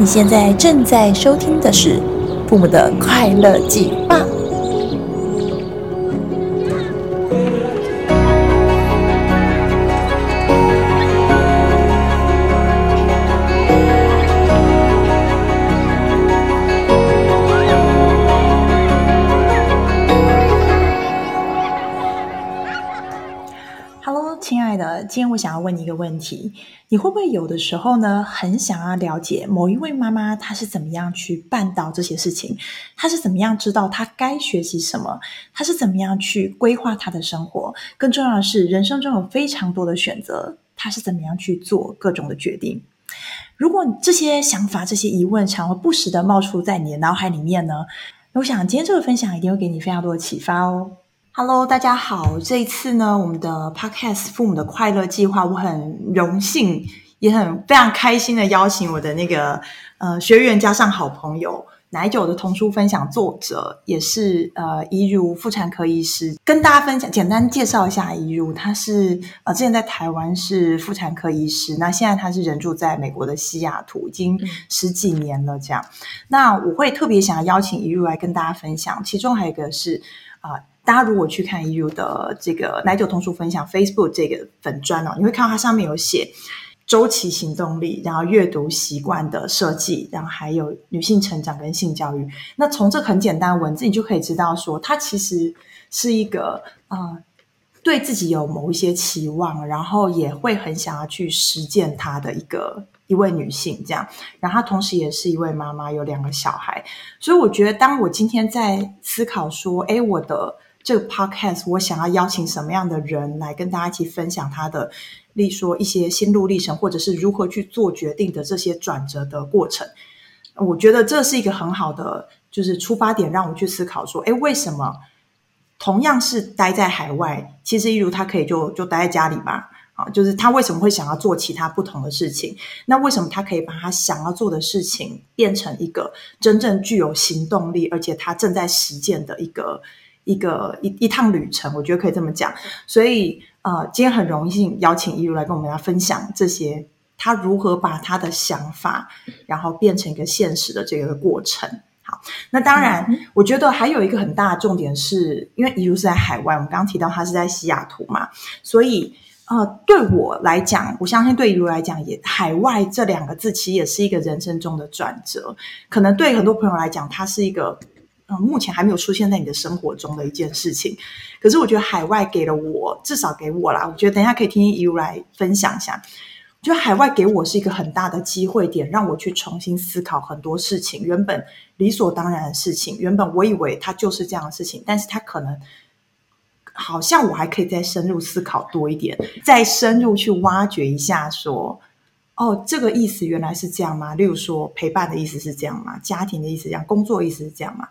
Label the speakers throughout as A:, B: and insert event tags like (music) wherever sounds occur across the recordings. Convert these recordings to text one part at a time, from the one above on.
A: 你現在正在收聽的是《父母的快樂記》。今天我想要問你一個問題：你會不會有的時候呢，很想要了解某一位媽媽她是怎麼樣去辦到這些事情？她是怎麼樣知道她該學習什麼？她是怎麼樣去規劃她的生活？更重要的是，人生中有非常多的選擇，她是怎麼樣去做各種的決定？如果這些想法、這些疑問，常會不時地冒出在你的腦海裡面呢？我想，今天這個分享一定會給你非常多的啟發哦。Hello，大家好！這一次呢，我們的 Podcast《父母的快樂計劃》，我很榮幸，也很非常開心的邀請我的那個呃學員加上好朋友奶酒的童書分享作者，也是呃怡如婦產科醫師，跟大家分享。簡單介紹一下怡如。她是呃之前在台灣是婦產科醫師，那現在她是人住在美國的西雅圖，已經十幾年了。這樣，那我會特別想要邀請怡如來跟大家分享。其中還有一個是啊。呃大家如果去看怡如的這個奶酒同書分享 Facebook 這個粉專哦，你會看到它上面有寫周期行動力，然後閱讀習慣的設計，然後還有女性成長跟性教育。那從這很簡單的文字，你就可以知道說，她其實是一個嗯、呃，對自己有某一些期望，然後也會很想要去實踐她的一個一位女性這樣，然後她同時也是一位媽媽，有兩個小孩。所以我覺得，當我今天在思考說，哎，我的。這個 podcast 我想要邀請什麼樣的人來跟大家一起分享他的，例如說一些心路歷程，或者是如何去做決定的這些轉折的過程。我覺得這是一個很好的，就是出發點，讓我去思考說，哎，為什麼同樣是待在海外，其實怡如他可以就就待在家裡吧？啊，就是他為什麼會想要做其他不同的事情？那為什麼他可以把他想要做的事情變成一個真正具有行動力，而且他正在實踐的一個？一個一一趟旅程，我覺得可以這麼講。所以，呃，今天很榮幸邀請怡如來跟我們來分享這些，他如何把他的想法，然後變成一個現實的這個過程。好，那當然，嗯、我覺得還有一個很大的重點是，因為怡如是在海外，我們剛剛提到他是在西雅圖嘛，所以，呃，對我來講，我相信對怡如來講也，也海外這兩個字其實也是一個人生中的轉折。可能對很多朋友來講，它是一個。嗯，目前還沒有出現在你的生活中的一件事情，可是我覺得海外給了我，至少給我啦。我覺得等一下可以聽怡如來分享一下，我覺得海外給我是一個很大的機會點，讓我去重新思考很多事情。原本理所當然的事情，原本我以為它就是這樣的事情，但是它可能好像我還可以再深入思考多一點，再深入去挖掘一下說。哦，這個意思原來是這樣嗎？例如說，陪伴的意思是這樣嗎？家庭的意思是這樣，工作意思是這樣嗎？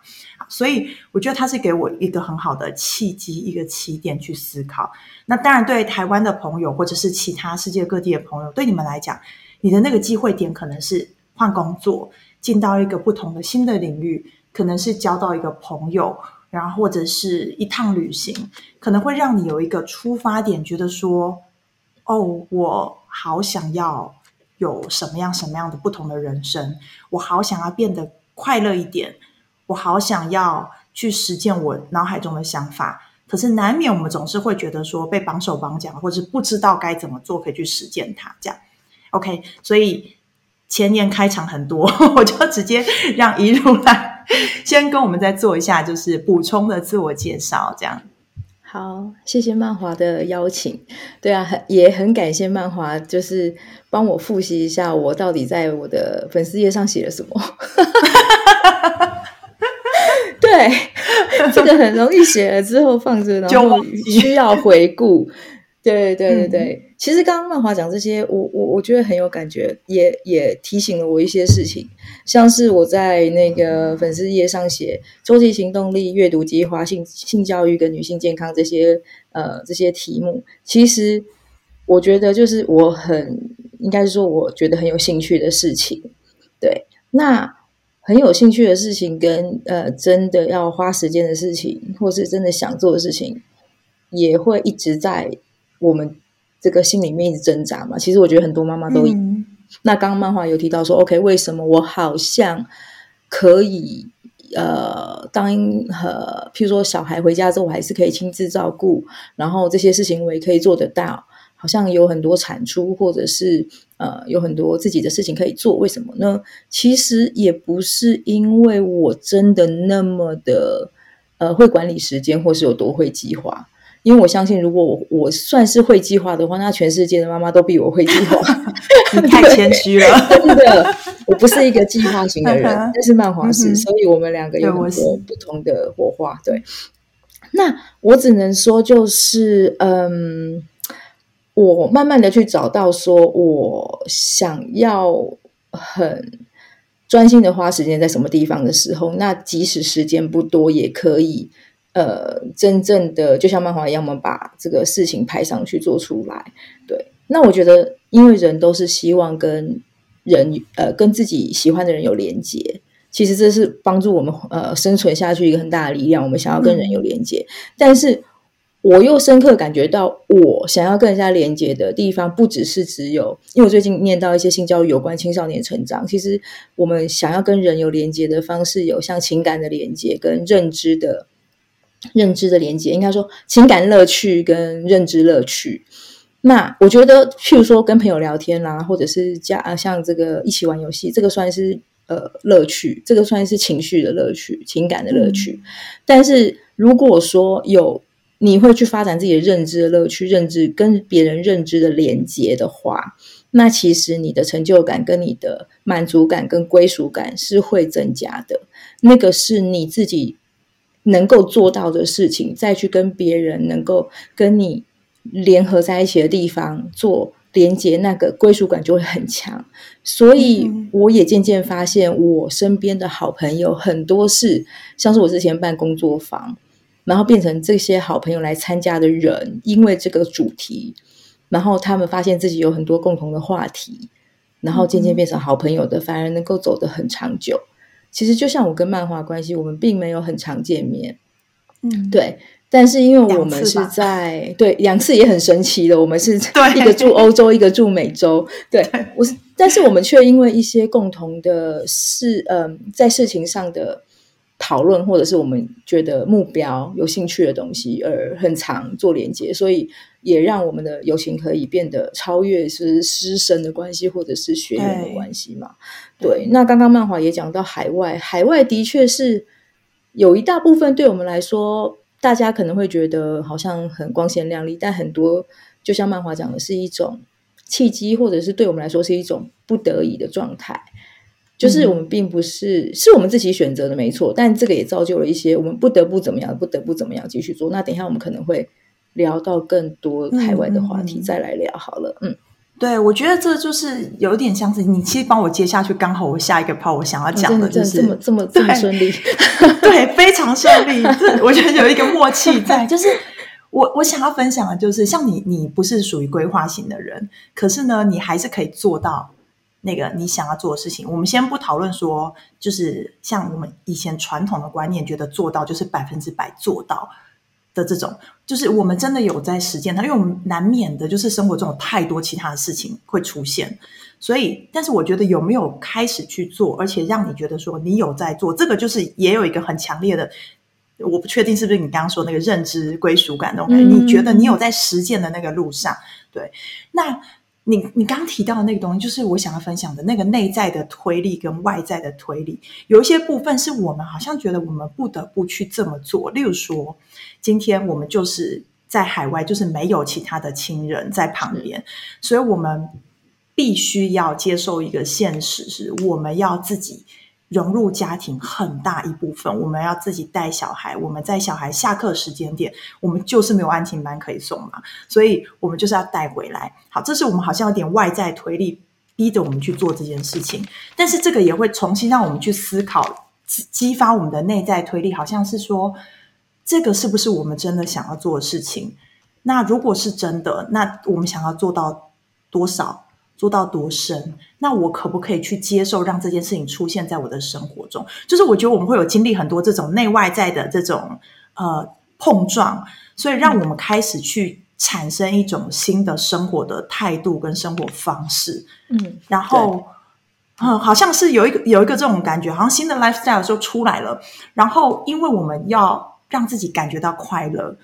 A: 所以我覺得他是給我一個很好的契機，一個起點去思考。那當然，對台灣的朋友，或者是其他世界各地的朋友，對你們來講，你的那個機會點可能是換工作，進到一個不同的新的領域，可能是交到一個朋友，然後或者是一趟旅行，可能會讓你有一個出發點，覺得說，哦，我好想要。有什麼樣什麼樣的不同的人生？我好想要變得快樂一點，我好想要去實踐我腦海中的想法。可是難免我們總是會覺得說被綁手綁腳，或者是不知道該怎麼做可以去實踐它。這樣 OK，所以前言開場很多，我就直接讓怡如來先跟我們再做一下，就是補充的自我介紹這樣。
B: 好，謝謝曼華的邀請。對啊，很也很感謝曼華，就是幫我複習一下我到底在我的粉絲頁上寫了什麼。 (laughs) 對，這個很容易寫了之後放着，然後需要回顧。對對對對，嗯、其實剛剛曼華講這些，我我我覺得很有感覺，也也提醒了我一些事情，像是我在那個粉絲頁上寫終極行動力、閱讀計劃、性性教育跟女性健康這些呃這些題目，其實我覺得就是我很應該是說我覺得很有興趣的事情，對，那很有興趣的事情跟呃真的要花時間的事情，或是真的想做的事情，也會一直在。我們這個心裡面一直掙扎嘛，其實我覺得很多媽媽都，嗯、那
A: 剛
B: 剛漫畫有提到說，OK，為什麼我好像可以呃，當呃，譬如說小孩回家之後，我還是可以親自照顧，然後這些事情我也可以做得到，好像有很多產出，或者是呃，有很多自己的事情可以做，為什麼呢？其實也不是因為我真的那麼的呃會管理時間，或是有多會計劃。因為我相信，如果我算是會計劃的話，那全世界的媽媽都比我會計劃。 (laughs) 你太謙虛了，真的，我不是一個計劃型的人， (laughs) 但是曼華是，嗯、哼所以我們兩個有很多不同的火花。對，那我只能說，就是嗯，我慢慢的去找到說我想要很專心的花時間在什麼地方的時候，那即使時間不多也可以。呃，真正的就像漫畫一樣，我們把這個事情拍上去做出來。對，那我覺得，因為人都是希望跟人，呃，跟自己喜歡的人有連接。其實這是幫助我們呃生存下去一個很大的力量。我們想要跟人有連接，嗯、但是我又深刻感覺到，我想要跟人家連接的地方，不只是只有，因為我最近念到一些性教育有關青少年成長。其實我們想要跟人有連接的方式，有像情感的連接跟認知的。認知的連接，應該說情感樂趣跟認知樂趣。那我覺得，譬如說跟朋友聊天啦、啊，或者是加啊，像這個一起玩遊戲，這個算是呃樂趣，這個算是情緒的樂趣、情感的樂趣。嗯、但是如果說有你會去發展自己的認知的樂趣、認知跟別人認知的連接的話，那其實你的成就感、跟你的滿足感跟歸屬感是會增加的。那個是你自己，能夠做到的事情，再去跟別人能夠跟你聯合在一起的地方做連接，那個歸屬感就會很強。所以我也漸漸發現，我身邊的好朋友很多是，像是我之前辦工作坊，然後變成這些好朋友來參加的人，因為這個主題，然後他們發現自己有很多共同的話題，然後漸漸變成好朋友的，反而能夠走得很長久。其實就像我跟曼華關係，我們並沒有很常見面，嗯，對，但是因為我們是在兩對兩次也很神奇的，我們是一個住歐洲，對一個住美洲，對我是，但是我們卻因為一些共同的事，嗯、呃，在事情上的。討論或者是我們覺得目標有興趣的東西，而很常做連接，所以也讓我們的友情可以變得超越是師生的關係或者是學員的關係嘛。對，對，那剛剛曼華也講到海外，海外的確是有一大部分對我們來說，大家可能會覺得好像很光鮮亮麗，但很多就像曼華講的，是一種契機，或者是對我們來說是一種不得已的狀態。就是我們並不是，嗯、是我們自己選擇的，沒錯。但這個也造就了一些，我們不得不怎麼樣，不得不怎麼樣繼續做。那等一下，我們可能會聊到更多海外的話題，嗯、再來
A: 聊好了。嗯，對，我覺得這就是有點像是，你其實幫我接下去，剛好我下一個 part 我想要講的，就是、哦、這
B: 麼這麼這麼順利，
A: 對， (laughs) (laughs) 對，非常順利。 (laughs) 我覺得有一個默契在，就是我我想要分享的就是，像你，你不是屬於規劃型的人，可是呢，你還是可以做到。那個你想要做的事情，我們先不討論說，就是像我們以前傳統的觀念，覺得做到就是百分之百做到的這種，就是我們真的有在實踐它，因為我們難免的就是生活中有太多其他的事情會出現，所以，但是我覺得有沒有開始去做，而且讓你覺得說你有在做，這個就是也有一個很強烈的，我不確定是不是你剛剛說那個認知歸屬感 OK、嗯、你覺得你有在實踐的那個路上，對那？你你剛剛提到的那個東西，就是我想要分享的那個內在的推力跟外在的推力，有一些部分是我們好像覺得我們不得不去這麼做。例如說，今天我們就是在海外，就是沒有其他的親人在旁邊，所以我們必須要接受一個現實，是我們要自己。融入家庭很大一部分，我們要自己帶小孩。我們在小孩下課時間點，我們就是沒有安親班可以送嘛，所以我們就是要帶回來。好，這是我們好像有點外在推力逼着我們去做這件事情。但是這個也會重新讓我們去思考，激激發我們的內在推力，好像是說這個是不是我們真的想要做的事情？那如果是真的，那我們想要做到多少？做到多深？那我可不可以去接受，讓這件事情出現在我的生活中？就是我覺得我們會有經歷很多這種內外在的這種呃碰撞，所以讓我們開始去產生一種新的生活的態度跟生活方式。嗯，然後對嗯，好像是有一個有一個這種感覺，好像新的 lifestyle 就出來了。然後因為我們要讓自己感覺到快樂，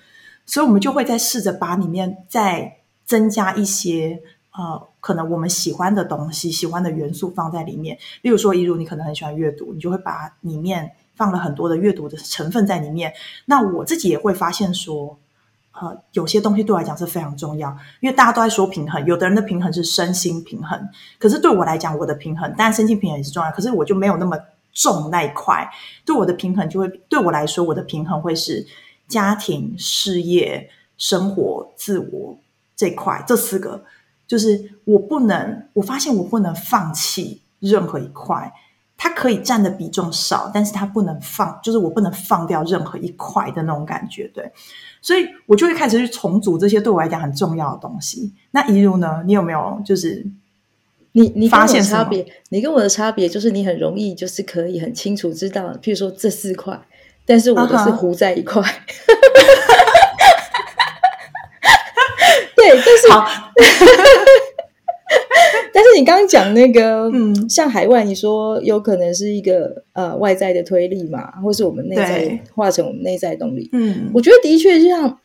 A: 所以我們就會再試着把裡面再增加一些。呃，可能我們喜歡的東西、喜歡的元素放在裡面，例如說，怡如你可能很喜歡閱讀，你就會把裡面放了很多的閱讀的成分在裡面。那我自己也會發現說，呃，有些東西對我來講是非常重要，因為大家都在說平衡，有的人的平衡是身心平衡，可是對我來講，我的平衡當然身心平衡也是重要，可是我就沒有那麼重那一塊。對我的平衡，就會對我來說，我的平衡會是家庭、事業、生活、自我這塊，這四個。就是我不能，我發現我不能放棄任何一塊，它可以佔的比重少，但是它不能放，就是我不能放掉任何一塊的那種感覺，對。所以我就會開始去重組這些對我來講很重要的東西。那怡如呢，你有沒有就是你你發現什麼你你跟我差別？你
B: 跟我的差別就是你很容易就是可以很清楚知道，譬如說這四塊，但是我都是糊在一塊。Uh huh. (laughs)
A: 對，
B: 但是，好 (laughs) 但是你剛剛講那個，嗯，像海外，你說有可能是一個呃外在的推力嘛，或是我們內在對化成我們內在動力。嗯，我覺得的確，就像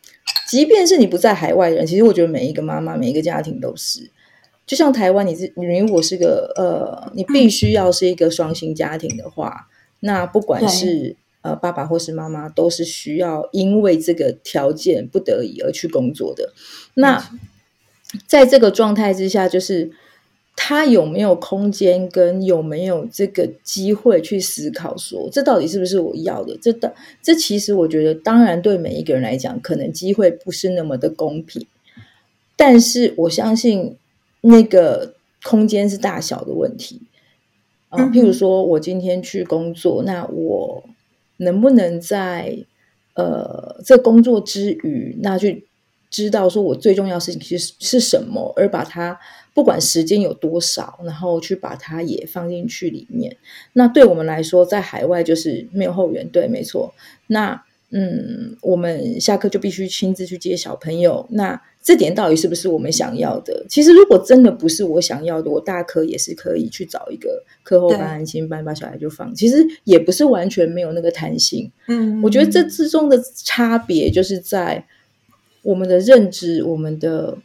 B: 即便是你不在海外的人，其實我覺得每一個媽媽，每一個家庭都是，就像台灣，你是你如果是個呃，你必須要是一個雙薪家庭的話，嗯、那不管是。呃，爸爸或是媽媽都是需要因為這個條件不得已而去工作的。那在這個狀態之下，就是他有沒有空間跟有沒有這個機會去思考說，說這到底是不是我要的？這這其實我覺得，當然對每一個人來講，可能機會不是那麼的公平。但是我相信，那個空間是大小的問題。嗯、呃，譬如說我今天去工作，那我。能不能在，呃，在工作之餘，那去知道說我最重要的事情是是什麼，而把它不管時間有多少，然後去把它也放進去裡面。那對我們來說，在海外就是沒有後援，對，沒錯。那。嗯，我們下課就必須親自去接小朋友，那這點到底是不是我們想要的？其實如果真的不是我想要的，我大可也是可以去找一個課後班、安心對班，把小孩就放。其實也不是完全沒有那個彈性。嗯，我覺得這之中的差別，就是在我們的認知、我們的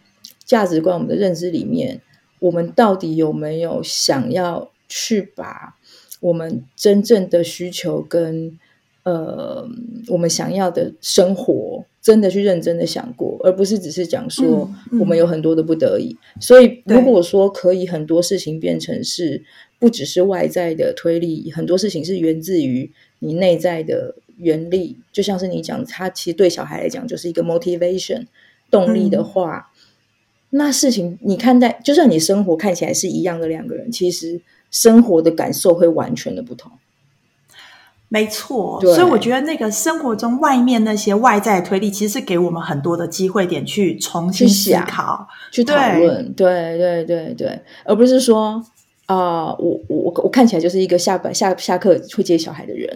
B: 價值觀、我們的認知裡面，我們到底有沒有想要去把我們真正的需求跟。呃，我們想要的生活，真的去認真的想過，而不是只是講說我們有很多的不得已。嗯嗯、所以如果說可以，很多事情變成是不只是外在的推力，很多事情是源自於你內在的原力。就像是你講，他其實對小孩來講就是一個 motivation 動力的話，嗯、那事情你看待，就算你生活看起來是一樣的兩個人，其實生活的感受會完全的不同。
A: 沒錯，對所以我覺得那個生活中外面那些外在的推力，其實是給我們很多的機會點去重新思考、去，想對去討論。
B: 對對對對，而不是說啊、呃，我我我看起來就是一個下班下下課會接小孩的人。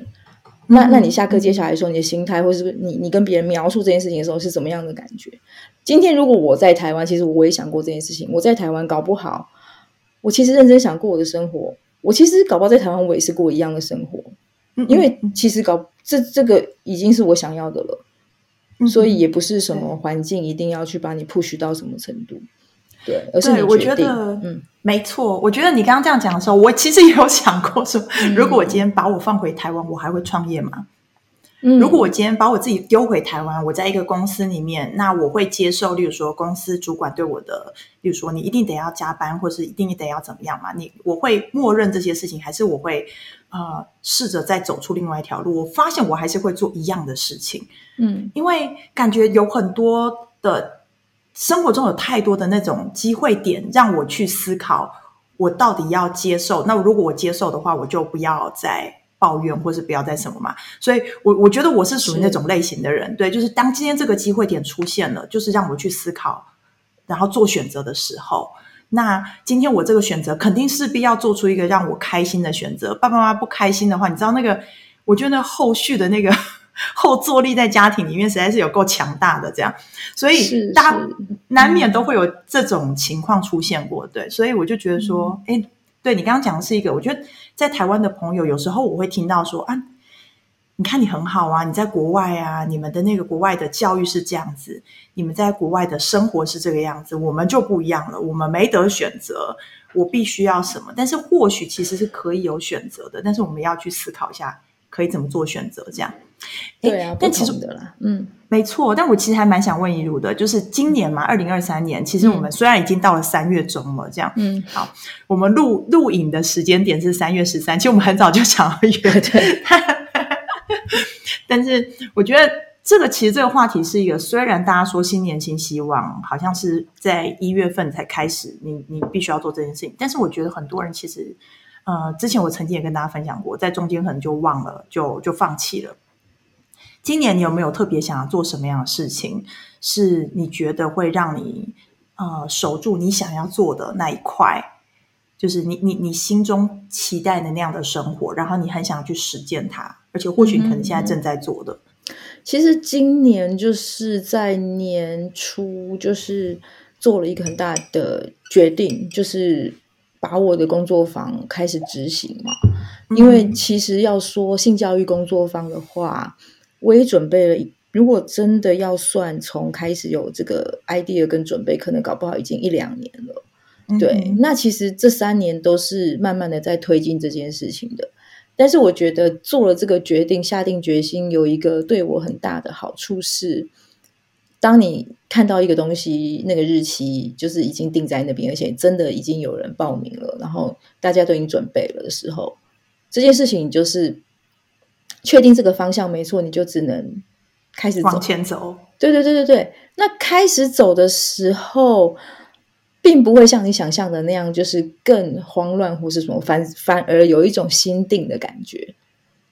B: 嗯、那那你下課接小孩的時候，你的心態或是你你跟別人描述這件事情的時候，是怎麼樣的感覺？今天如果我在台灣，其實我也想過這件事情。我在台灣搞不好，我其實認真想過我的生活。我其實搞不好在台灣，我也是過一樣的生活。因為其實搞這這個已經是我想要的了，嗯、哼所以也不是什麼環境一定要去把你 push 到什麼程度，對，而是我覺得，
A: 嗯，沒錯，我覺得你剛剛這樣講的時候，我其實也有想過說，如果我今天把我放回台灣，嗯、我還會創業嗎？如果我今天把我自己丟回台灣，嗯，我在一個公司裡面，那我會接受，例如說公司主管對我的，例如說你一定得要加班，或是一定得要怎麼樣嘛，你我會默認這些事情，還是我會呃試着再走出另外一條路？我發現我還是會做一樣的事情，嗯，因為感覺有很多的生活中有太多的那種機會點讓我去思考，我到底要接受？那如果我接受的話，我就不要再。抱怨或是不要再什麼嘛，所以我我覺得我是屬於那種類型的人，是對，就是當今天這個機會點出現了，就是讓我去思考，然後做選擇的時候，那今天我這個選擇肯定勢必要做出一個讓我開心的選擇。爸爸媽媽不開心的話，你知道那個，我覺得那後續的那個後坐力在家庭裡面實在是有夠強大的，這樣，所以是是大家難免都會有這種情況出現過，嗯、對，所以我就覺得說，哎、嗯。誒對，你剛剛講的是一個，我覺得在台灣的朋友有時候我會聽到說啊，你看你很好啊，你在國外啊，你們的那個國外的教育是這樣子，你們在國外的生活是這個樣子，我們就不一樣了，我們沒得選擇，我必須要什麼，但是或許其實是可以有選擇的，但是我們要去思考一下可以怎麼做選擇，這樣，對啊，但其實不得了，嗯。沒錯，但我其實還蠻想問怡如的，就是今年嘛，二零二三年，其實我們雖然已經到了三月中了，嗯、這樣，嗯，好，我們錄錄影的時間點是三月十三，其實我們很早就想要約的，對 (laughs) 但是我覺得這個其實這個話題是一個，雖然大家說新年新希望，好像是在一月份才開始，你你必須要做這件事情，但是我覺得很多人其實，呃，之前我曾經也跟大家分享過，在中間可能就忘了，就就放棄了。今年你有沒有特別想要做什麼樣的事情？是你覺得會讓你呃守住你想要做的那一塊，就是你你你心中期待的那樣的生活，然後你很想要去實踐它，而且或許你可能現在正在做的。嗯，
B: 其實今年就是在年初，就是做了一個很大的決定，就是把我的工作坊開始執行嘛。因為其實要說性教育工作坊的話。我也準備了，如果真的要算從開始有這個 idea 跟準備，可能搞不好已經一兩年了。嗯哼。對，那其實這三年都是慢慢的在推進這件事情的。但是我覺得做了這個決定，下定決心，有一個對我很大的好處是，當你看到一個東西，那個日期就是已經定在那邊，而且真的已經有人報名了，然後大家都已經準備了的時候，這件事情就是。確定這個方向沒錯，你就只能
A: 開始走。往前走。
B: 對對對對對。那開始走的時候，並不會像你想象的那樣，就是更慌亂或是什麼，反反而有一種心定的感覺。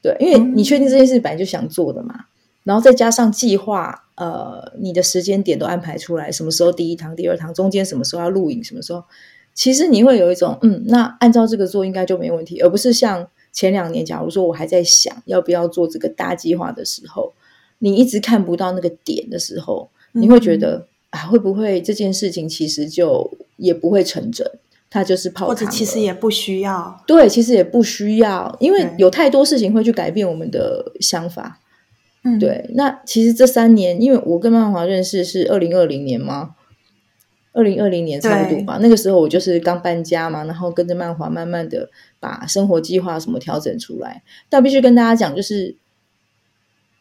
B: 對，因為你確定這件事本來就想做的嘛，嗯、然後再加上計劃，呃，你的時間點都安排出來，什麼時候第一堂、第二堂，中間什麼時候要錄影，什麼時候，其實你會有一種嗯，那按照這個做應該就沒問題，而不是像。前兩年，假如說我還在想要不要做這個大計劃的時候，你一直看不到那個點的時候，你會覺得、嗯、啊，會不會這件事情其實就也不會成真，它就是泡湯，或者其實也不需要。對，其實也不需要，因為有太多事情會去改變我們的想法。嗯、對。那其實這三年，因為我跟曼華認識是二零二零年嗎？二零二零年差不多吧，對那個時候我就是剛搬家嘛，然後跟着曼華慢慢的把生活計劃什麼調整出來。但必須跟大家講，就是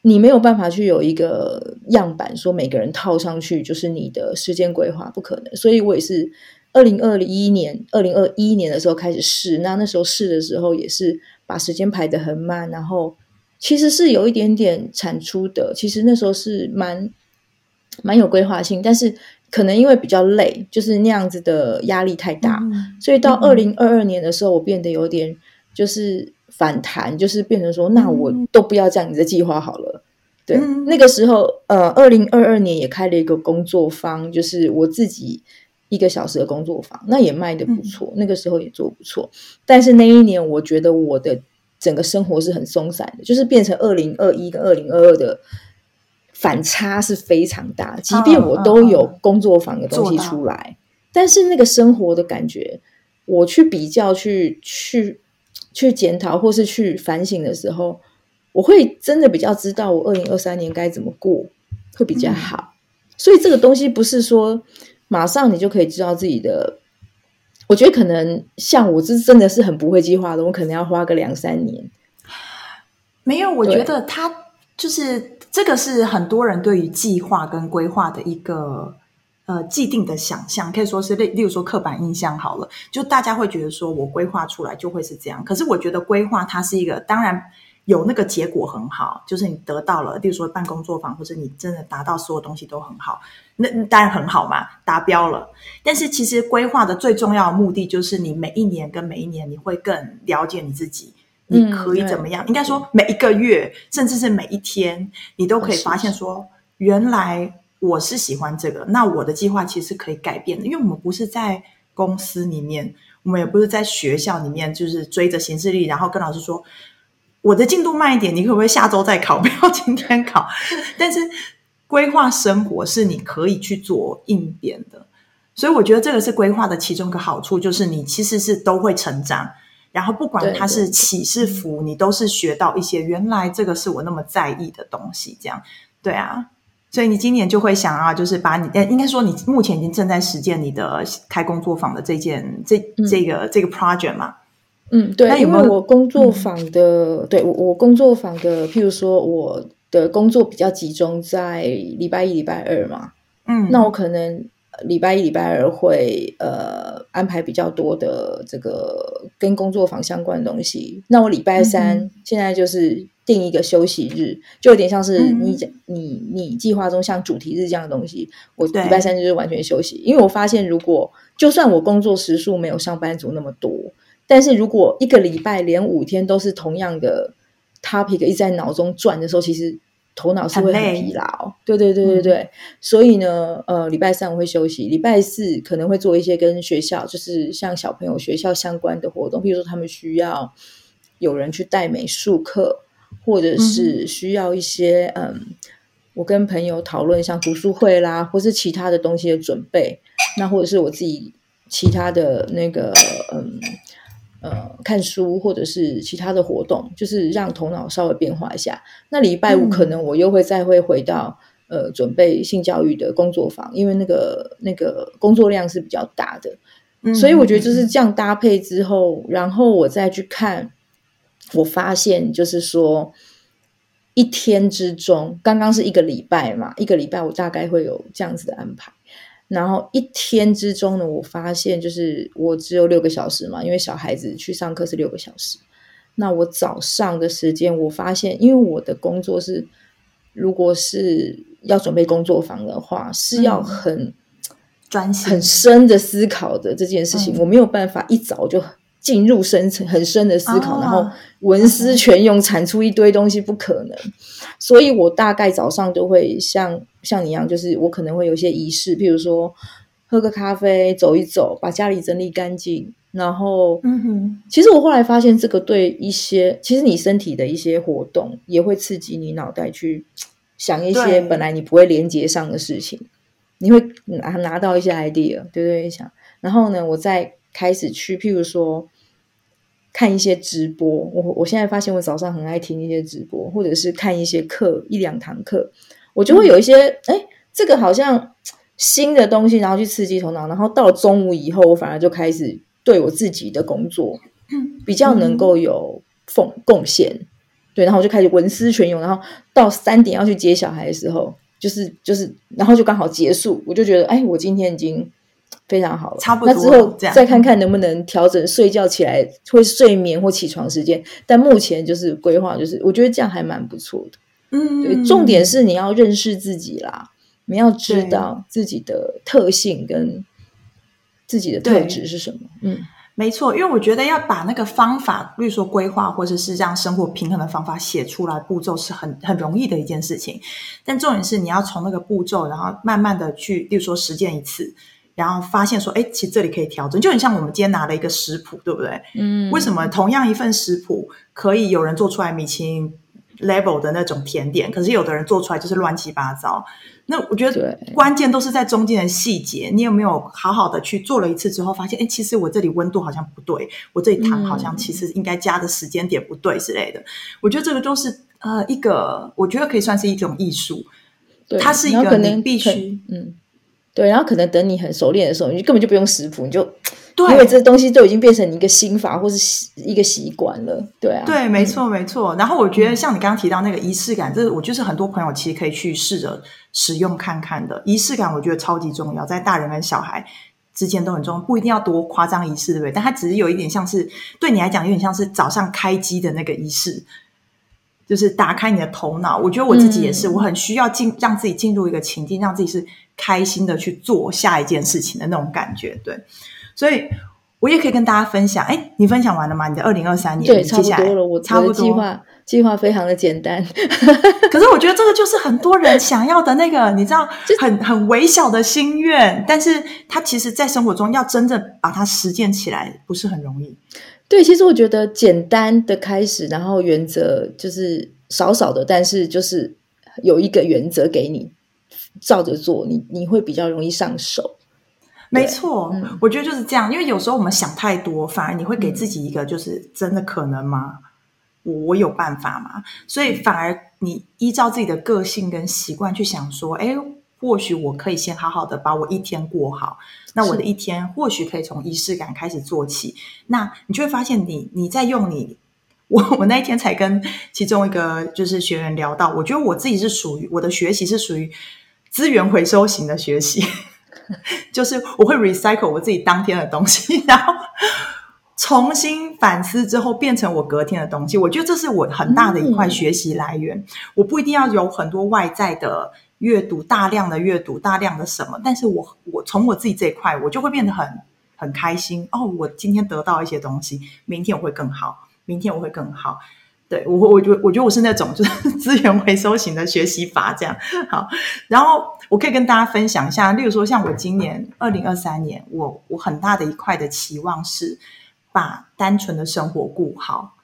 B: 你沒有辦法去有一個樣板，說每個人套上去就是你的時間規劃，不可能。所以我也是二零二一年、二零二一年的時候開始試，那那時候試的時候也是把時間排得很滿，然後其實是有一點點產出的，其實那時候是蠻蠻有規劃性，但是。可能因為比較累，就是那樣子的壓力太大，嗯、所以到二零二二年的時候，我變得有點就是反彈，嗯、就是變成說，那我都不要這樣，嗯、你的計劃好了。對，嗯、那個時候，呃，二零二二年也開了一個工作坊，就是我自己一個小時的工作坊，那也賣得不錯，嗯、那個時候也做不錯。但是那一年，我覺得我的整個生活是很鬆散的，就是變成二零二一跟二零二二的。反差是非常大，即便我都有工作坊的東西出來，啊啊、但是那個生活的感覺，我去比較去、去去去檢討，或是去反省的時候，我會真的比較知道我二零二三年該怎麼過會比較好。嗯、所以這個東西不是說馬上你就可以知道自己的，我覺得可能像我，這真的是很不會計劃的，我可能要花個兩三年。
A: 沒有，我覺得他。就是這個是很多人對於計劃跟規劃的一個呃既定的想象，可以說是例例如說刻板印象好了，就大家會覺得說我規劃出來就會是這樣。可是我覺得規劃它是一個，當然有那個結果很好，就是你得到了，例如說辦工作坊或者你真的達到所有東西都很好，那當然很好嘛，達標了。但是其實規劃的最重要的目的就是你每一年跟每一年你會更了解你自己。你可以怎麼樣？嗯、應該說，每一個月，對甚至是每一天，你都可以發現說，哦、原來我是喜歡這個，那我的計劃其實可以改變的。因為我們不是在公司裡面，我們也不是在學校裡面，就是追着形式力，然後跟老師說，我的進度慢一點，你可不可以下周再考？不要今天考。但是規劃生活是你可以去做應變的，所以我覺得這個是規劃的其中一個好處，就是你其實是都會成長。然後不管它，是起是伏，對，對，你都是學到一些原來這個是我那麼在意的東西，這樣對啊，所以你今年就會想要就是把你，應該說你目前已經正在實踐你的開工作坊的這件這這個、嗯、這個 project 嘛，嗯，對，那有沒有因為我
B: 工作坊的？嗯、對我我工作坊的，譬如說我的工作比較集中在禮拜一、禮拜二嘛，嗯，那我可能。禮拜一、禮拜二會呃安排比較多的這個跟工作坊相關的東西。那我禮拜三現在就是定一個休息日，嗯嗯，就有點像是你講，嗯嗯，你、你計劃中像主題日這樣的東西。我禮拜三就是完全休息，對因為我發現，如果就算我工作時數沒有上班族那麼多，但是如果一個禮拜連五天都是同樣的 topic 一直在腦中轉的時候，其實。頭腦是會很疲勞，累對，對對對對對，嗯、所以呢，呃，禮拜三我會休息，禮拜四可能會做一些跟學校，就是像小朋友學校相關的活動，譬如說他們需要有人去帶美術課，或者是需要一些嗯，嗯，我跟朋友討論像讀書會啦，或是其他的東西的準備，那或者是我自己其他的那個嗯。呃，看書或者是其他的活動，就是讓頭腦稍微變化一下。那禮拜五可能我又會再會回到、嗯、呃，準備性教育的工作坊，因為那個那個工作量是比較大的，嗯、所以我覺得就是這樣搭配之後，然後我再去看，我發現就是說一天之中，剛剛是一個禮拜嘛，一個禮拜我大概會有這樣子的安排。然後一天之中呢，我發現就是我只有六個小時嘛，因為小孩子去上課是六個小時。那我早上的時間，我發現，因為我的工作是，如果是要準備工作坊的話，是要很、嗯、專心、很深的思考的這件事情，嗯、我沒有辦法一早就進入深層、很深的思考，哦、然後文思泉湧、嗯、產出一堆東西，不可能。所以我大概早上就會像。像你一樣，就是我可能會有一些儀式，譬如說喝個咖啡、走一走，把家裡整理乾淨。然後，嗯、哼其實我後來發現，這個對一些其實你身體的一些活動也會刺激你腦袋去想一些本來你不會連接上的事情，對你會拿拿到一些 idea，對對，想。然後呢，我再開始去，譬如說看一些直播。我我現在發現，我早上很愛聽一些直播，或者是看一些課，一兩堂課。我就會有一些哎，這個好像新的東西，然後去刺激頭腦，然後到了中午以後，我反而就開始對我自己的工作比較能夠有奉貢獻，嗯、哼對，然後我就開始文思泉湧，然後到三點要去接小孩的時候，就是就是，然後就剛好結束，我就覺得哎，我今天已經非常好了，差不多。那之後再看看能不能調整睡覺起來會睡眠或起床時間，但目前就是規劃，就是我覺得這樣還蠻不錯的。嗯，重點是你要認識自己啦，嗯、你要知道自己的特性跟
A: 自己的特質是什麼？對嗯，沒錯，因為我覺得要把那個方法，例如說規劃或者是讓生活平衡的方法寫出來步驟是很很容易的一件事情。但重點是你要從那個步驟，然後慢慢的去，例如說實踐一次，然後發現說，哎，其實這裡可以調整。就很像我們今天拿了一個食譜，對不對？嗯，為什麼同樣一份食譜可以有人做出來米其林？level 的那種甜點，可是有的人做出來就是亂七八糟。那我覺得關鍵都是在中間的細節。對你有沒有好好的去做了一次之後，發現哎，其實我這裡溫度好像不對，我這裡糖好像其實應該加的時間點不對之類的。嗯、我覺得這個都、就是呃一個，我覺得可以算是一種藝術。對，它是一個你必須能能嗯，對，
B: 然後可能等你很熟練的時候，你就根本就不用食譜，你就。對，因為這東西都已經變成一個心法，或是一個習慣了，
A: 對啊，對，沒錯，嗯、沒錯。然後我覺得，像你剛剛提到那個儀式感，嗯、這我就是很多朋友其實可以去試着使用看看的。儀式感我覺得超級重要，在大人跟小孩之間都很重要。不一定要多誇張儀式，對不對？但它只是有一點像是對你來講，有點像是早上開機的那個儀式，就是打開你的頭腦。我覺得我自己也是，嗯、我很需要進讓自己進入一個情境，讓自己是開心的去做下一件事情的那種感覺，對。所以，我也可以跟大家分享。哎，你分享完了嗎？你的二零二三年，對，接下來差不多了。我差不多計劃，計劃非常的簡單。 (laughs) 可是，我覺得這個就是很多人想要的那個， (laughs) 你知道，很就很微小的心願。但是，他其實，在生活中要真正把它實踐起來，不是很容易。
B: 對，其實我覺得簡單的開始，然後原則就是少少的，但是就是有一個原則給你照着做，你你會比較容易上手。
A: 沒錯，嗯、我覺得就是這樣。因為有時候我們想太多，反而你會給自己一個就是真的可能嗎？嗯、我，我有辦法嗎？所以反而你依照自己的個性跟習慣去想說，哎，或許我可以先好好的把我一天過好。那我的一天或許可以從儀式感開始做起。是那你就會發現你，你你在用你我我那一天才跟其中一個就是學員聊到，我覺得我自己是屬於我的學習是屬於資源回收型的學習。就是我會 recycle 我自己當天的東西，然後重新反思之後變成我隔天的東西。我覺得這是我很大的一塊學習來源。嗯。我不一定要有很多外在的閱讀，大量的閱讀，大量的什麼，但是我我從我自己這塊，我就會變得很很開心。哦，我今天得到一些東西，明天我會更好，明天我會更好。對我，我覺我覺得我是那種就是資源回收型的學習法，這樣好。然後我可以跟大家分享一下，例如說像我今年二零二三年，我我很大的一塊的期望是把單純的生活顧好。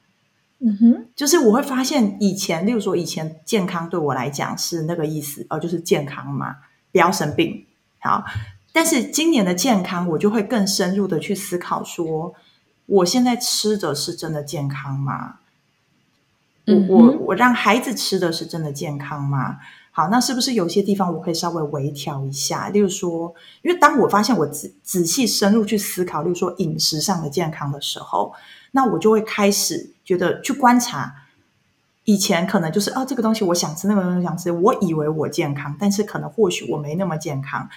A: 嗯哼，就是我會發現以前，例如說以前健康對我來講是那個意思，呃，就是健康嘛，不要生病。好，但是今年的健康，我就會更深入的去思考說，我現在吃的是真的健康嗎？我我我讓孩子吃的是真的健康嗎？好，那是不是有些地方我可以稍微微調一下？例如說，因為當我發現我仔仔細深入去思考，例如說飲食上的健康的時候，那我就會開始覺得去觀察，以前可能就是啊，這個東西我想吃，那個東西我想吃，我以為我健康，但是可能或許我沒那麼健康，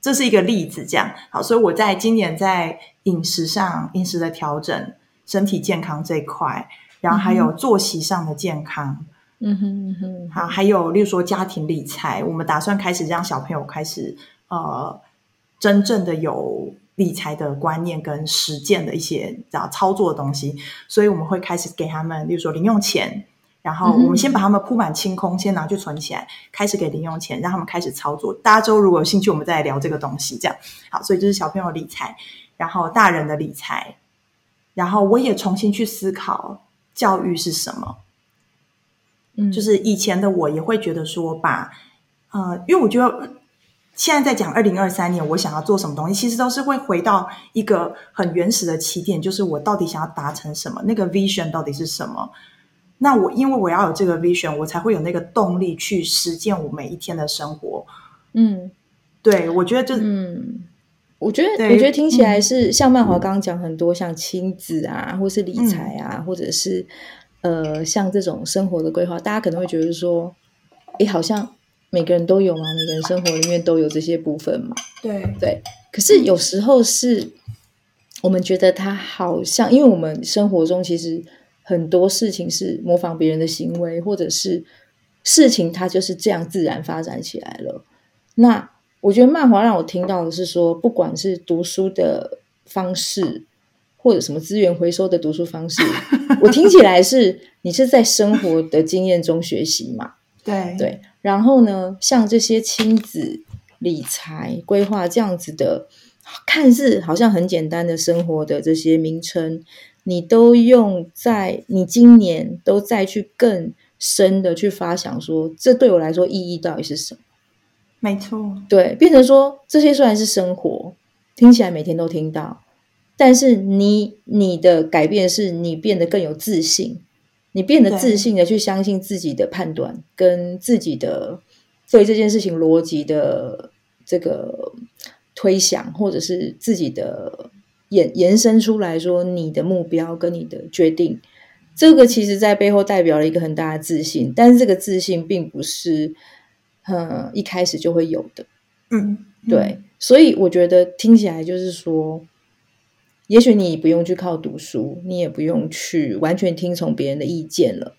A: 這是一個例子，這樣。好，所以我在今年在飲食上飲食的調整，身體健康這一塊。然後還有作息上的健康，嗯哼嗯
B: 哼，
A: 好、嗯，還有例如說家庭理財，我們打算開始讓小朋友開始呃，真正的有理財的觀念跟實踐的一些啊操作的東西，所以我們會開始給他們，例如說零用錢，然後我們先把他們鋪滿清空，嗯、哼先拿去存起來，開始給零用錢，讓他們開始操作。大家如果有興趣，我們再來聊這個東西，這樣好。所以這是小朋友的理財，然後大人的理財，然後我也重新去思考。教育是什麼？嗯，就是以前的我也會覺得說吧，呃，因為我覺得現在在講二零二三年我想要做什麼東西，其實都是會回到一個很原始的起點，就是我到底想要達成什麼，那個 vision 到底是什麼？那我因為我要有這個 vision，我才會有那個動力去實踐我每一天的生活。嗯，對，我覺得就是嗯。我覺得，對我覺得聽起來
B: 是像曼華剛剛講很多，像親子啊，嗯、或是理財啊，嗯、或者是呃，像這種生活的規劃，大家可能會覺得說，誒，好像每個人都有嘛、啊，每個人生活裡面都有這些部分嘛。對對。可是有時候是我們覺得他好像，因為我們生活中其實很多事情是模仿別人的行為，或者是事情它就是這樣自然發展起來了。那。我覺得曼華讓我聽到的是說，不管是讀書的方式，或者什麼資源回收的讀書方式， (laughs) 我聽起來是你是在生活的經驗中學習嘛？對對。然後呢，像這些親子理財規劃這樣子的，看似好像很簡單的生活的這些名稱，你都用在你今年都在去更深的去發想說，說這對我來說意義到底是什麼？
A: 沒
B: 錯，對，變成說，這些雖然是生活，聽起來每天都聽到，但是你你的改變是你變得更有自信，你變得自信的去相信自己的判斷對跟自己的對這件事情邏輯的這個推想，或者是自己的延延伸出來說你的目標跟你的決定，這個其實在背後代表了一個很大的自信，但是這個自信並不是。嗯，一開始就會有的，嗯，對，嗯、所以我覺得聽起來就是說，也許你不用去靠讀書，你也不用去完全聽從別人的意見了，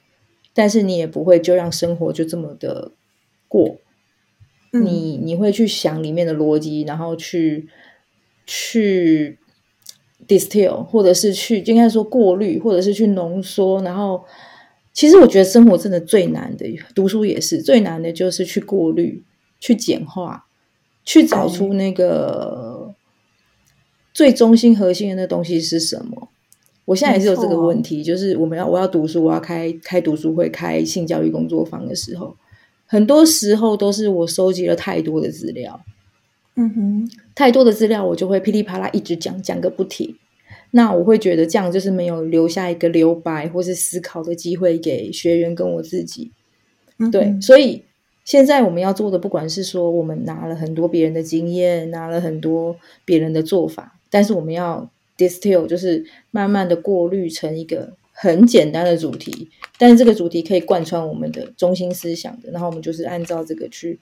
B: 但是你也不會就讓生活就這麼的過，嗯、你你會去想裡面的邏輯，然後去去 distill，或者是去，就應該說過濾，或者是去濃縮，然後。其實我覺得生活真的最難的，讀書也是最難的，就是去過濾、去簡化、去找出那個最中心核心的那東西是什麼。我現在也是有這個問題，哦、就是我們要我要讀書，我要開開讀書會、開性教育工作坊的時候，很多時候都是我收集了太多的資料，嗯哼，太多的資料我就會噼里啪啦一直講講個不停。那我會覺得這樣就是沒有留下一個留白或是思考的機會給學員跟我自己，對，所以現在我們要做的，不管是說我們拿了很多別人的經驗，拿了很多別人的做法，但是我們要 distill，就是慢慢的過濾成一個很簡單的主題，但是這個主題可以貫穿我們的中心思想的，然後我們就是按照這個去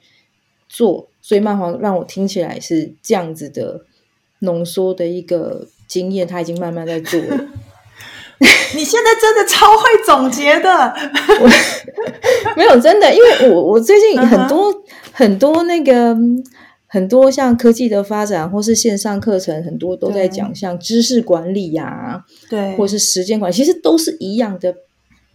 B: 做。所以曼華讓我聽起來是這樣子的濃縮的一個。經驗他已經慢慢在做了。
A: (laughs) 你現在真的超會總結的， (laughs) 我
B: 沒有真的，因為我我最近很多很多那個很多像科技的發展，或是線上課程，很多都在講對像知識管理呀、啊，對，或是時間管理，其實都是一樣的，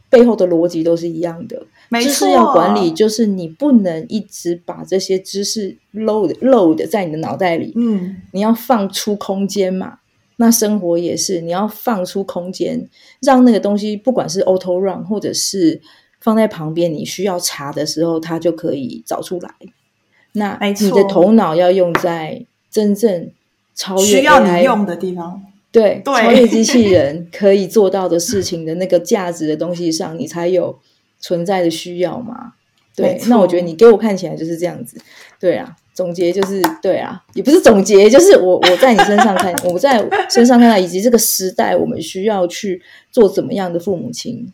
B: 背後的邏輯都是一樣的。沒錯知識要管理，就是你不能一直把這些知識 load load 在你的腦袋裡，嗯，你要放出空間嘛。那生活也是，你要放出空間，讓那個東西，不管是 auto run 或者是放在旁邊，你需要查的時候，它就可以找出來。那你的頭腦要用在真正超越、AI、需要你用的地方，對，對超越機器人可以做到的事情的那個價值的東西上，你才有存在的需要嘛？
A: 對，沒錯。那
B: 我覺得你給我看起來就是這樣子，對啊。總結就是對啊，也不是總結，就是我我在你身上看， (laughs) 我在身上看到，以及這個時代我們需要去做怎麼樣的父母親？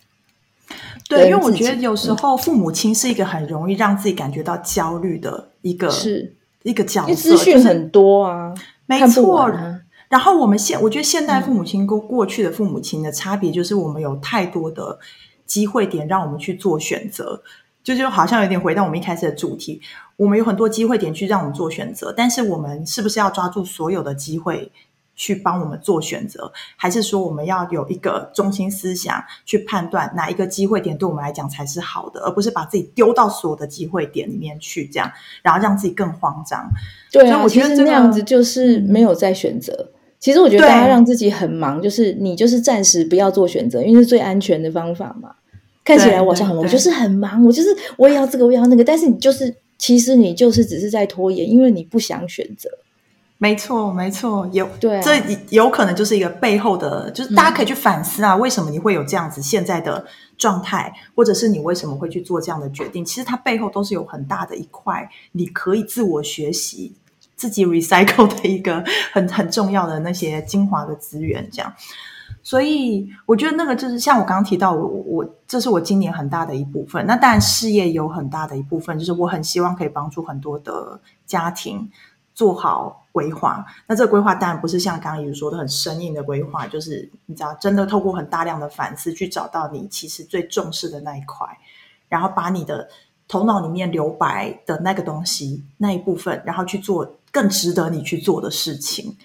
A: 對，因為我覺得有時候父母親是一個很容易讓自己感覺到焦慮的一個是一個角色，資訊很，很多啊，沒錯。啊、然後我們現我覺得現代父母親跟過去的父母親的差別，就是我們有太多的機會點讓我們去做選擇。就是好像有點回到我們一開始的主題，我們有很多機會點去讓我們做選擇，但是我們是不是要抓住所有的機會去幫我們做選擇？還是說我們要有一個中心思想去判斷哪一個機會點對我們來講才是好的，而不是把自己丟到所有的機會點裡面去，這樣然後讓自己更慌張？對啊，其實那樣子就是沒有在
B: 選擇。嗯，其實我覺得大家讓自己很忙，啊，就是你就是暫時不要做選擇，因為是最安全的方法嘛。看起來我是很忙，對對對，我就是很忙，我就是我也要這個，我也要那個。但是你就是，其實你就是只是在拖延，因為你不想選擇。沒錯，沒錯，有對、啊，
A: 這有可能就是一個背後的，就是大家可以去反思啊，嗯、為什麼你會有這樣子現在的狀態，或者是你為什麼會去做這樣的決定？其實它背後都是有很大的一塊，你可以自我學習、自己 recycle 的一個很很重要的那些精華的資源，這樣。所以我覺得那個就是像我剛剛提到，我我這是我今年很大的一部分。那當然事業有很大的一部分，就是我很希望可以幫助很多的家庭做好規劃。那這個規劃當然不是像剛剛你說的很生硬的規劃，就是你知道，真的透過很大量的反思去找到你其實最重視的那一塊，然後把你的頭腦裡面留白的那個東西那一部分，然後去做更值得你去做的事情。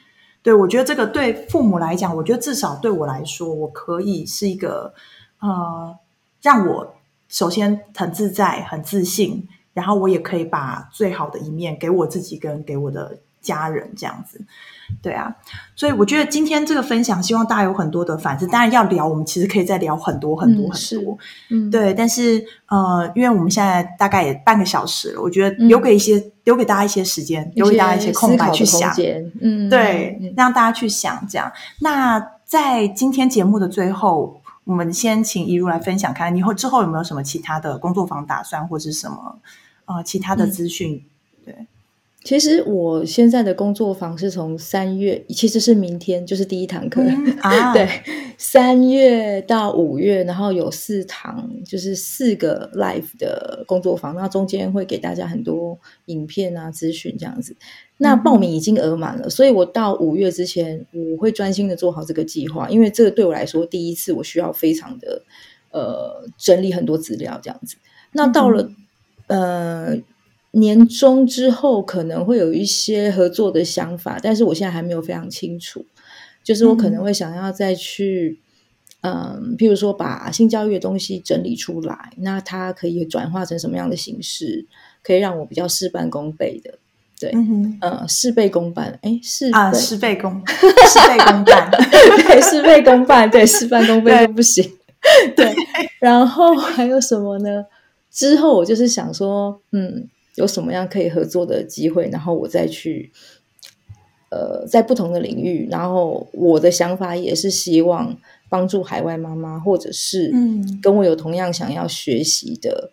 A: 對，我覺得這個對父母來講，我覺得至少對我來說，我可以是一個，呃，讓我首先很自在、很自信，然後我也可以把最好的一面給我自己跟給我的。家人這樣子，對啊，所以我覺得今天這個分享，希望大家有很多的反思。當然要聊，我們其實可以再聊很多很多很多，嗯，嗯對。但是呃，因為我們現在大概也半個小時了，我覺得留給一些、嗯、留給大家一些時間，間留給大家一些空白去想，間嗯，對，嗯嗯、讓大家去想這樣。那在今天節目的最後，我們先請怡如來分享看，以後之後有沒有什麼其他的工作坊打算，或是什麼呃其他的資訊，嗯、對。
B: 其實我現在的工作坊是從三月，其實是明天就是第一堂課、嗯、 (laughs) 對啊。對，三月到五月，然後有四堂，就是四個 live 的工作坊。那中間會給大家很多影片啊、資訊這樣子。
A: 那報名
B: 已經額滿了，嗯、哼所以我到五月之前，我會專心的做好這個計劃，因為這個對我來說第一次，我需要非常的呃整理很多資料這樣子。那到了、嗯、哼呃。年終之後可能會有一些合作的想法，但是我現在還沒有非常清楚。就是我可能會想要再去，嗯，嗯，譬如說把性教育的東西整理出來，那它可以轉化成什麼樣的形式，可以讓我比較事半功倍的。對，嗯哼、呃，事倍功半。哎，是啊，事倍功事倍功半 (laughs) (laughs) 對，對，事倍功半，對，事半功倍不行。對，對，對，然後還有什麼呢？之後我就是想說，嗯。有什麼樣可以合作的機會，然後我再去，呃，在不同的領域，然後我的想法也是希望幫助海外媽媽，或者是嗯，跟我有同樣想要學習的，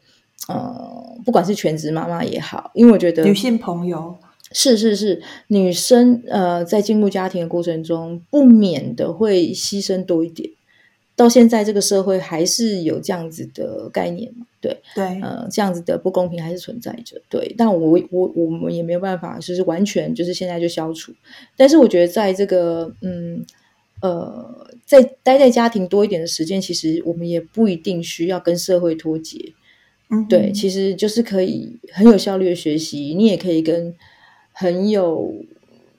B: 呃，不管是全職媽媽也好，因為我覺得女性朋友是是是，女生呃，在進入家庭的過程中，不免的會犧牲多一點。到現在，這個社會還是有這樣子的概念，對對，對呃，這樣子的不公平還是存在着。對，但我我我們也沒有辦法，就是完全就是現在就消除。但是我覺得，在這個嗯呃，在待在家庭多一點的時間，其實我們也不一定需要跟社會脫節。
A: 嗯哼，對，
B: 其實就是可以很有效率的學習，你也可以跟很有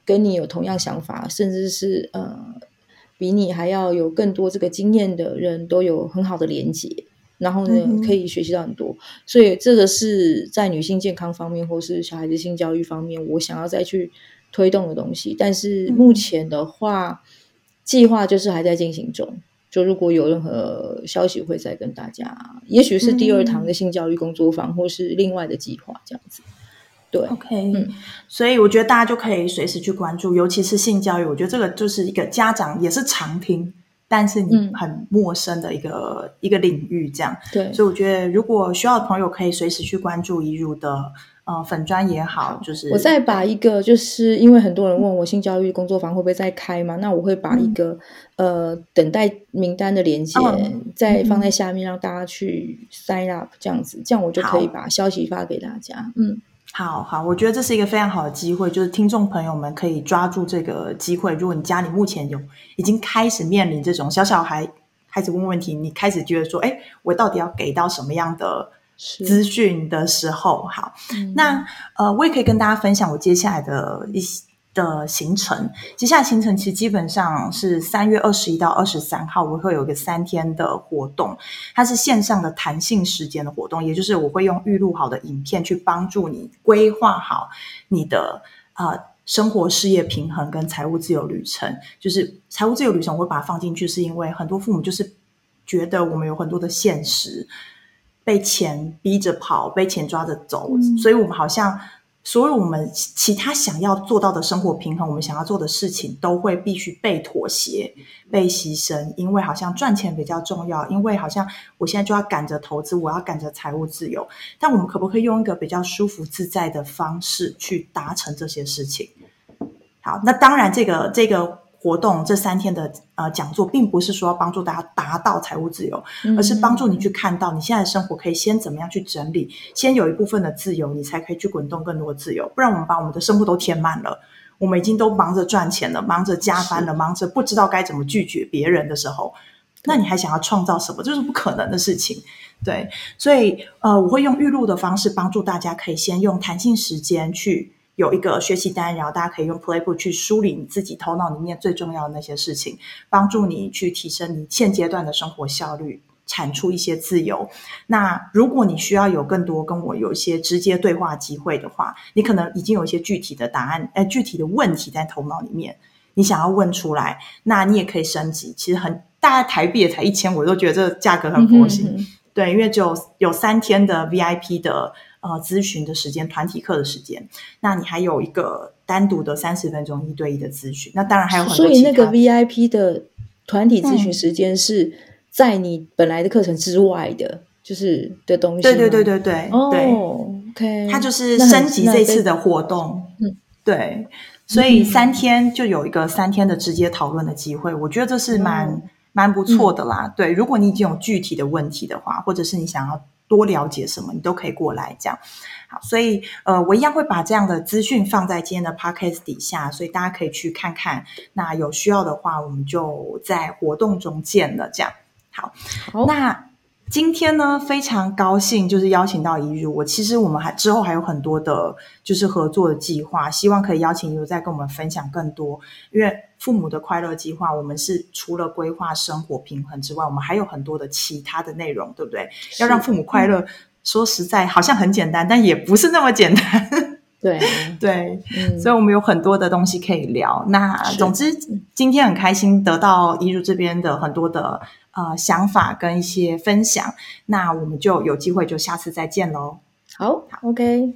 B: 跟你有同樣想法，甚至是呃。比你還要有更多這個經驗的人都有很好的連接，然後呢、嗯、哼可以學習到很多，所以這個是在女性健康方面或是小孩子性教育方面，我想要再去推動的東西。但是目前的話，嗯、計劃就是還在進行中。就如果有任何消息，會再跟大家，也許是第二堂的性教育工作坊，嗯、哼或是另外的計劃這樣子。
A: 對，OK，嗯，所以我覺得大家就可以隨時去關注，尤其是性教育，我覺得這個就是一個家長也是常聽，但是你很陌生的一個、嗯、一個領域，這樣。對，所以我覺得如果需要的朋友可以隨時去關注怡如的呃粉專也好，好就是我再
B: 把一個就是因為很多人問我性教育工作坊會不會再開嘛，那我會把一個、嗯、呃等待名單的鏈接再放在
A: 下面，讓大家去 sign up 這樣子，嗯、這樣我就可以把消息發給大家，好嗯。好好，我覺得這是一個非常好的機會，就是聽眾朋友們可以抓住這個機會。如果你家裡目前有已經開始面臨這種小小孩開始問，問問題，你開始覺得說，哎，我到底要給到什麼樣的資訊的時候，是好，嗯，那呃，我也可以跟大家分享我接下來的一些。的行程，接下來行程其實基本上是三月二十一到二十三號，我會有一個三天的活動，它是線上的彈性時間的活動，也就是我會用預錄好的影片去幫助你規劃好你的啊、呃、生活事業平衡跟財務自由旅程。就是財務自由旅程，我會把它放進去，是因為很多父母就是覺得我們有很多的現實被錢逼着跑，被錢抓着走，嗯、所以我們好像。所以，我們其他想要做到的生活平衡，我們想要做的事情，都會必須被妥協、被犧牲，因為好像賺錢比較重要，因為好像我現在就要趕着投資，我要趕着財務自由。但我們可不可以用一個比較舒服自在的方式去達成這些事情？好，那當然，這個，這個這個。活動這三天的呃講座，並不是說要幫助大家達到財務自由，嗯、而是幫助你去看到你現在的生活可以先怎麼樣去整理，先有一部分的自由，你才可以去滾動更多自由。不然，我們把我們的生活都填滿了，我們已經都忙着賺錢了，忙着加班了，是忙着不知道該怎麼拒絕別人的時候，對那你還想要創造什麼？這、就是不可能的事情。對，所以呃，我會用預錄的方式幫助大家，可以先用彈性時間去。有一個學習單，然後大家可以用 Playbook 去梳理你自己頭腦裡面最重要的那些事情，幫助你去提升你現階段的生活效率，產出一些自由。那如果你需要有更多跟我有一些直接對話機會的話，你可能已經有一些具體的答案，哎、呃，具體的問題在頭腦裡面，你想要問出來，那你也可以升級。其實很大概台幣也才一千，我都覺得這個價格很佛心。嗯哼，嗯哼，對，因為就有，有三天的 VIP 的。呃，諮詢的時間，團體課的時間，那你還有一個單獨的三十分鐘一對一的諮詢。那當然還有很多其他。所以那
B: 個 VIP 的團體諮詢時間是在你本來的
A: 課程之外的，嗯、就是的東西。對對對對對，對、oh，OK，
B: 它就是升級這次的
A: 活動。對，嗯、所以三天就有一個三天的直接討論的機會，我覺得這是蠻、嗯、蠻不錯的啦。對，如果你已經有具體的問題的話，或者是你想要。多了解什麼，你都可以過來這樣。好，所以呃，我一樣會把這樣的資訊放在今天的 podcast 底下，所以大家可以去看看。那有需要的話，我們就在活動中見了。這樣好，oh。那。今天呢，非常高興，就是邀請到怡如。我其實我們還之後還有很多的，就是合作的計劃，希望可以邀請怡如再跟我們分享更多。因為父母的快樂計劃，我們是除了規劃生活平衡之外，我們還有很多的其他的內容，對不對？是要讓父母快樂，嗯、說實在好像很簡單，但也不是那麼簡單。對對， (laughs) 對嗯、所以我們有很多的東西可以聊。那總之，是今天很開心得到怡如這邊的很多的。呃，想法跟一些分享，那我們就有機會就下次再見嘍。好，好，OK。